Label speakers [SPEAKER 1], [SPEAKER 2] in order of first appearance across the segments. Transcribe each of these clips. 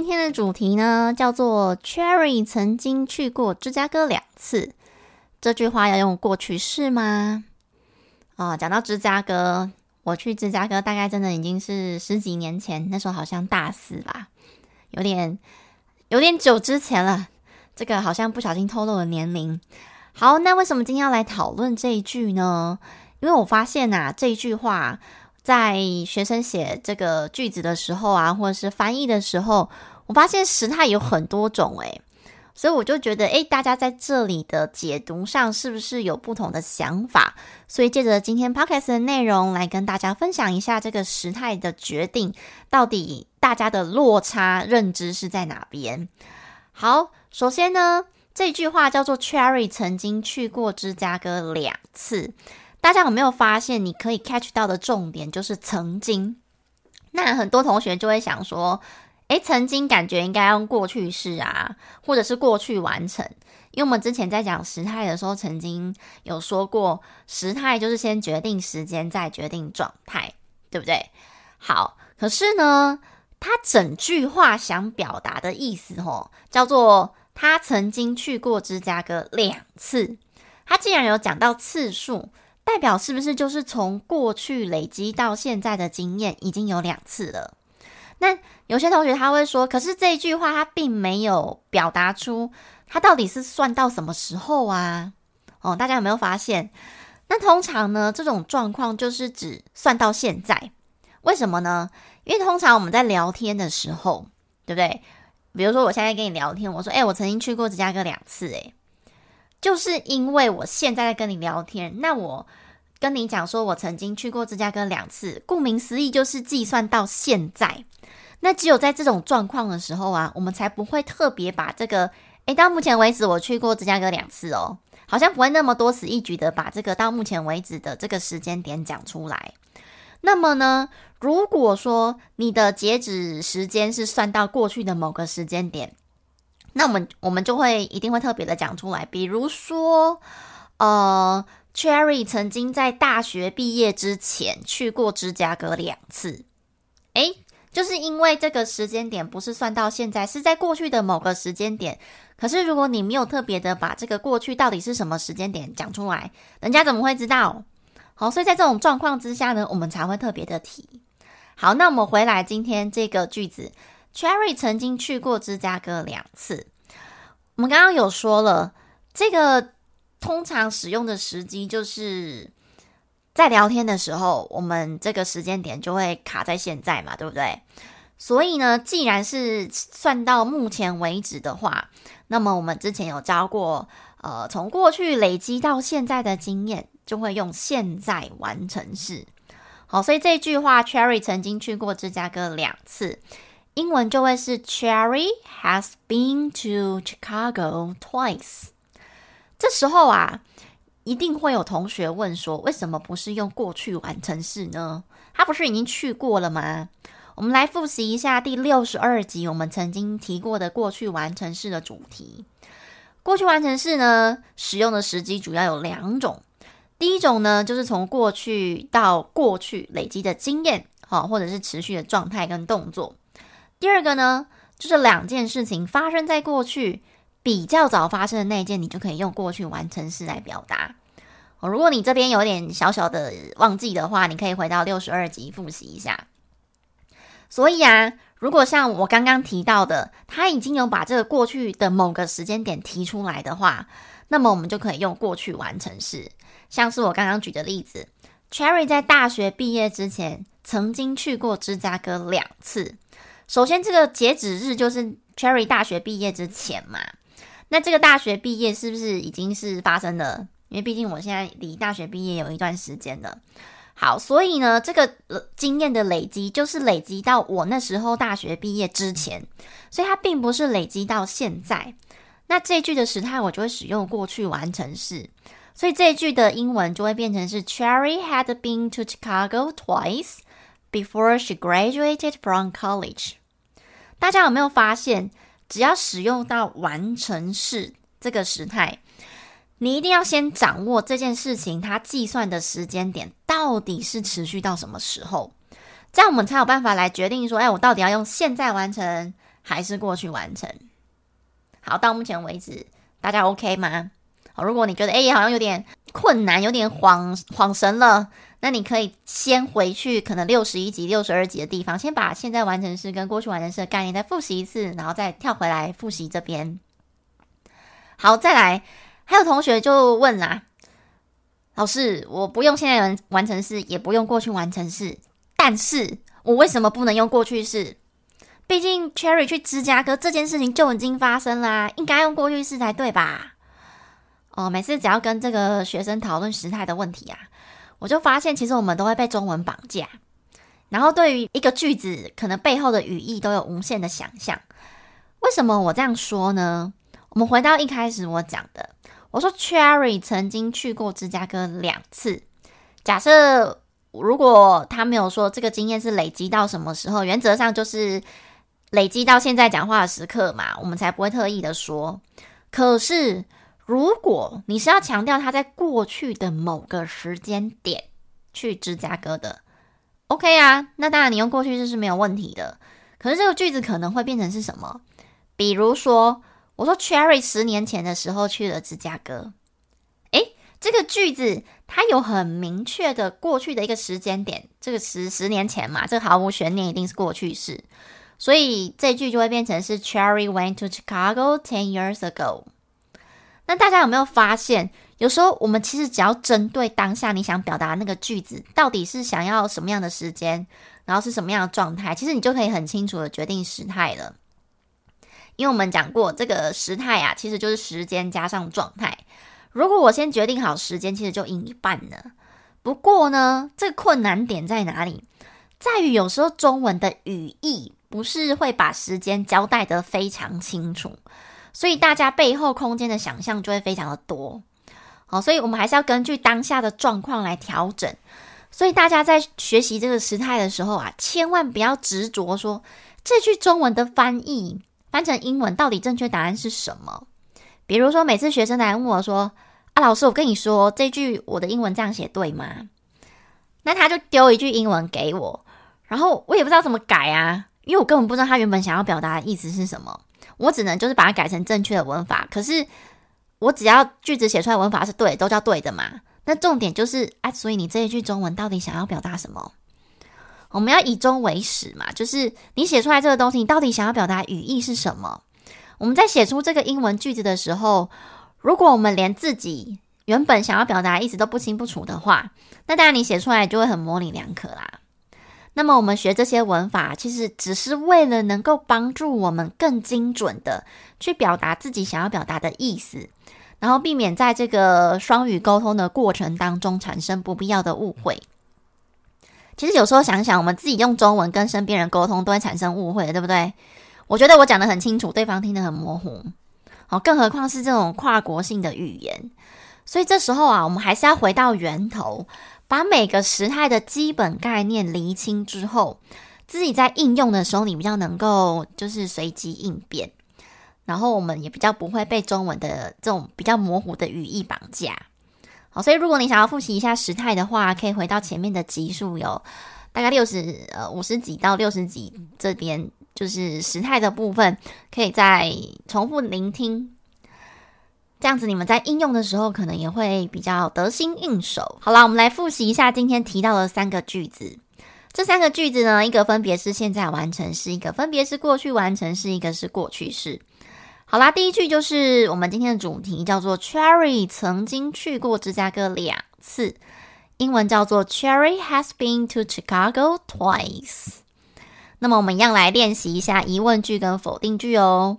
[SPEAKER 1] 今天的主題呢，叫做 Cherry 曾經去過芝加哥兩次。這句話要用過去式嗎？哦，講到芝加哥，我去芝加哥大概真的已經是十幾年前，那時候好像大四吧，有點有點久之前了。這個好像不小心透露了年齡。好，那為什麼今天要來討論這一句呢？因為我發現啊，這一句話。在學生寫這個句子的時候啊，或者是翻譯的時候，我發現時態有很多種誒、欸，所以我就覺得哎，大家在這裡的解讀上是不是有不同的想法？所以借着今天 podcast 的內容來跟大家分享一下這個時態的決定，到底大家的落差認知是在哪邊？好，首先呢，這句話叫做 Cherry 曾經去過芝加哥兩次。大家有沒有發現，你可以 catch 到的重點就是曾經？那很多同學就會想說：“誒、欸，曾經感覺應該用過去式啊，或者是過去完成。”因為我們之前在講時態的時候，曾經有說過，時態就是先決定時間，再決定狀態，對不對？好，可是呢，他整句話想表達的意思哦，叫做他曾經去過芝加哥兩次。他既然有講到次數。代表是不是就是從過去累積到現在的經驗已經有兩次了？那有些同學他會說，可是這句話他並沒有表達出他到底是算到什麼時候啊？哦，大家有沒有發現？那通常呢，這種狀況就是指算到現在，為什麼呢？因為通常我們在聊天的時候，對不對？比如說我現在跟你聊天，我說，哎，欸，我曾經去過芝加哥兩次，欸，誒……就是因為我現在在跟你聊天，那我跟你講說，我曾經去過芝加哥兩次。顧名思義，就是計算到現在。那只有在這種狀況的時候啊，我們才不會特別把這個，誒，到目前為止我去過芝加哥兩次哦，好像不會那麼多此一舉的把這個到目前為止的這個時間點講出來。那麼呢，如果說你的截止時間是算到過去的某個時間點。那我們我們就會一定會特別的講出來，比如說，呃，Cherry 曾經在大學畢業之前去過芝加哥兩次，誒，就是因為這個時間點不是算到現在，是在過去的某個時間點。可是如果你沒有特別的把這個過去到底是什麼時間點講出來，人家怎麼會知道？好，所以在這種狀況之下呢，我們才會特別的提。好，那我們回來今天這個句子。Cherry 曾經去過芝加哥兩次。我們剛剛有說了，這個通常使用的時機就是在聊天的時候，我們這個時間點就會卡在現在嘛，對不對？所以呢，既然是算到目前為止的話，那麼我們之前有教過，呃，從過去累積到現在的經驗，就會用現在完成式。好，所以這句話，Cherry 曾經去過芝加哥兩次。英文就會是 Cherry has been to Chicago twice。這時候啊，一定會有同學問說，為什麼不是用過去完成式呢？他不是已經去過了嗎？我們來複習一下第六十二集我們曾經提過的過去完成式的主題。過去完成式呢，使用的時機主要有兩種。第一種呢，就是從過去到過去累積的經驗，好，或者是持續的狀態跟動作。第二個呢，就是兩件事情發生在過去，比較早發生的那一件，你就可以用過去完成式來表達。哦，如果你這邊有點小小的忘記的話，你可以回到六十二集復習一下。所以啊，如果像我剛剛提到的，他已經有把這個過去的某個時間點提出來的話，那麼我們就可以用過去完成式，像是我剛剛舉的例子，Cherry 在大學畢業之前曾經去過芝加哥兩次。首先，這個截止日就是 Cherry 大學畢業之前嘛。那這個大學畢業是不是已經是發生了？因為畢竟我現在離大學畢業有一段時間了。好，所以呢，這個呃，經驗的累積就是累積到我那時候大學畢業之前，所以它並不是累積到現在。那這句的時態我就會使用過去完成式，所以這句的英文就會變成是 Cherry had been to Chicago twice before she graduated from college。大家有沒有發現，只要使用到完成式這個時態，你一定要先掌握這件事情它計算的時間點到底是持續到什麼時候，這樣我們才有辦法來決定說，哎、欸，我到底要用現在完成還是過去完成？好，到目前為止大家 OK 嗎？好，如果你覺得誒、欸，好像有點……困難，有點恍恍神了，那你可以先回去，可能六十一集、六十二集的地方，先把現在完成式跟過去完成式的概念再複習一次，然後再跳回來複習這邊。好，再來，還有同學就問啦，老師，我不用現在完完成式，也不用過去完成式，但是我為什麼不能用過去式？畢竟 Cherry 去芝加哥這件事情就已經發生啦，應該用過去式才對吧？哦，每次只要跟這個學生討論時態的問題啊，我就發現其實我們都會被中文綁架。然後對於一個句子，可能背後的語義都有無限的想象。為什麼我這樣說呢？我們回到一開始我講的，我說 Cherry 曾經去過芝加哥兩次。假設如果他沒有說這個經驗是累積到什麼時候，原則上就是累積到現在講話的時刻嘛，我們才不會特意的說。可是。如果你是要強調他在過去的某個時間點去芝加哥的，OK 啊，那當然你用過去式是沒有問題的。可是這個句子可能會變成是什麼？比如說，我說 Cherry 十年前的時候去了芝加哥。誒、欸，這個句子它有很明確的過去的一個時間點，這個十十年前嘛，這個毫無懸念一定是過去式，所以這句就會變成是 Cherry went to Chicago ten years ago。那大家有沒有發現，有時候我們其實只要針對當下你想表達的那個句子，到底是想要什麼樣的時間，然後是什麼樣的狀態，其實你就可以很清楚的決定時態了。因為我們講過，這個時態啊，其實就是時間加上狀態。如果我先決定好時間，其實就贏一半了。不過呢，這個困難點在哪裡？在於有時候中文的語義不是會把時間交代得非常清楚。所以大家背後空間的想象就會非常的多，好、哦，所以我們還是要根據當下的狀況來調整。所以大家在學習這個時態的時候啊，千萬不要執着說這句中文的翻譯翻成英文到底正確答案是什麼。比如說，每次學生來問我說：“啊，老師，我跟你說這句我的英文這樣寫對嗎？”那他就丟一句英文給我，然後我也不知道怎麼改啊，因為我根本不知道他原本想要表達的意思是什麼。我只能就是把它改成正確的文法，可是我只要句子寫出來文法是對，都叫對的嘛。那重點就是啊，所以你這一句中文到底想要表達什麼？我們要以終為始嘛，就是你寫出來這個東西，你到底想要表達語義是什麼？我們在寫出這個英文句子的時候，如果我們連自己原本想要表達的意思都不清不楚的話，那當然你寫出來就會很模稜兩可啦。那麼我們學這些文法，其實只是為了能夠幫助我們更精準地去表達自己想要表達的意思，然後避免在這個雙語溝通的過程當中產生不必要的誤會。其實有時候想想，我們自己用中文跟身邊人溝通都會產生誤會，對不對？我覺得我講得很清楚，對方聽得很模糊。好，更何況是這種跨國性的語言，所以這時候啊，我們還是要回到源頭。把每個時態的基本概念理清之後，自己在應用的時候，你比較能夠就是隨機應變，然後我們也比較不會被中文的這種比較模糊的語義綁架。好，所以如果你想要復習一下時態的話，可以回到前面的集數，有大概六十，呃、五十幾到六十幾，這邊就是時態的部分，可以再重複聆聽。這樣子，你們在應用的時候可能也會比較得心應手。好啦，我們來複習一下今天提到的三個句子。這三個句子呢，一個分別是現在完成式，一個分別是過去完成式，一個是過去式。好啦，第一句就是我們今天的主題，叫做 Cherry 曾經去過芝加哥兩次，英文叫做 Cherry has been to Chicago twice。那麼我們一樣來練習一下疑問句跟否定句哦。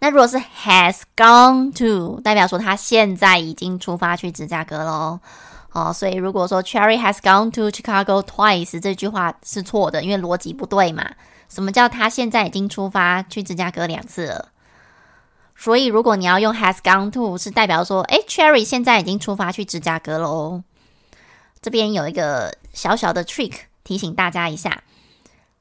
[SPEAKER 1] 那如果是 has gone to，代表說他現在已經出發去芝加哥嘍。哦，所以如果說 Cherry has gone to Chicago twice 這句話是錯的，因為邏輯不對嘛。什麼叫他現在已經出發去芝加哥兩次了？所以如果你要用 has gone to，是代表說，誒，Cherry 現在已經出發去芝加哥咯。這邊有一個小小的 trick 提醒大家一下。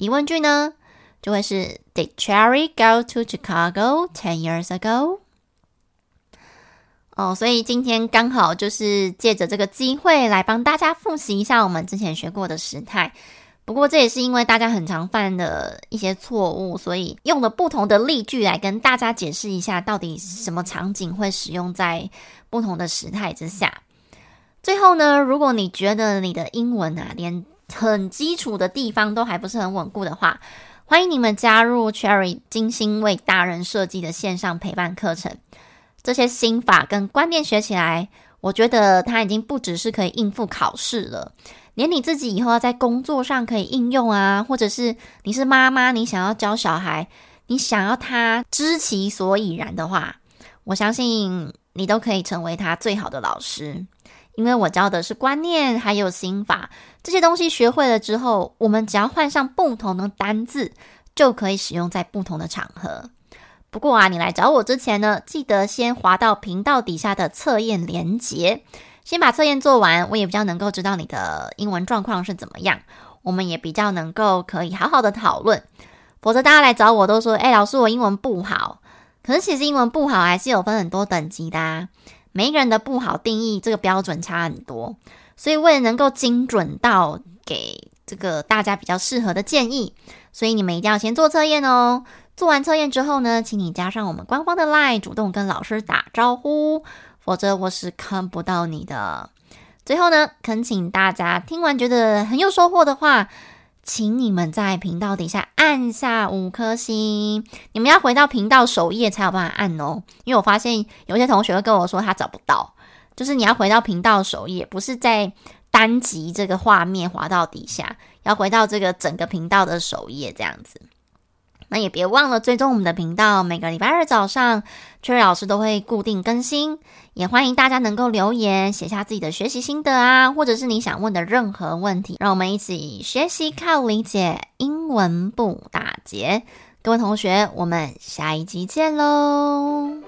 [SPEAKER 1] 疑問句呢，就會是 Did Cherry go to Chicago ten years ago？哦，oh, 所以今天剛好就是借着這個機會來幫大家複習一下我們之前學過的時態。不過這也是因為大家很常犯的一些錯誤，所以用了不同的例句來跟大家解釋一下，到底什麼場景會使用在不同的時態之下。最後呢，如果你覺得你的英文啊連很基礎的地方都還不是很穩固的話，歡迎你們加入 Cherry 精心為大人設計的線上陪伴課程。這些心法跟觀念學起來，我覺得它已經不只是可以應付考試了，連你自己以後要在工作上可以應用啊，或者是你是媽媽，你想要教小孩，你想要他知其所以然的話，我相信你都可以成為他最好的老師，因為我教的是觀念還有心法。這些東西學會了之後，我們只要換上不同的單字，就可以使用在不同的場合。不過啊，你來找我之前呢，記得先滑到頻道底下的測驗連結，先把測驗做完。我也比較能夠知道你的英文狀況是怎麼樣。我們也比較能夠可以好好的討論。否則大家來找我都說：“誒、欸，老師，我英文不好。”可是其實英文不好還是有分很多等級的、啊。每一個人的不好定義，這個標準差很多。所以，為了能夠精準到給這個大家比較適合的建議，所以你們一定要先做測驗哦。做完測驗之後呢，請你加上我們官方的 Line，主動跟老師打招呼，否則我是看不到你的。最後呢，懇請大家聽完覺得很有收穫的話，請你們在頻道底下按下五顆星。你們要回到頻道首頁才有辦法按哦，因為我發現有些同學會跟我說他找不到。就是你要回到頻道的首頁，不是在單集這個畫面滑到底下，要回到這個整個頻道的首頁這樣子。那也別忘了追蹤我們的頻道，每個禮拜二早上，Cherry 老師都會固定更新。也歡迎大家能夠留言寫下自己的學習心得啊，或者是你想問的任何問題，讓我們一起學習靠理解，英文不打結。各位同學，我們下一集見嘍！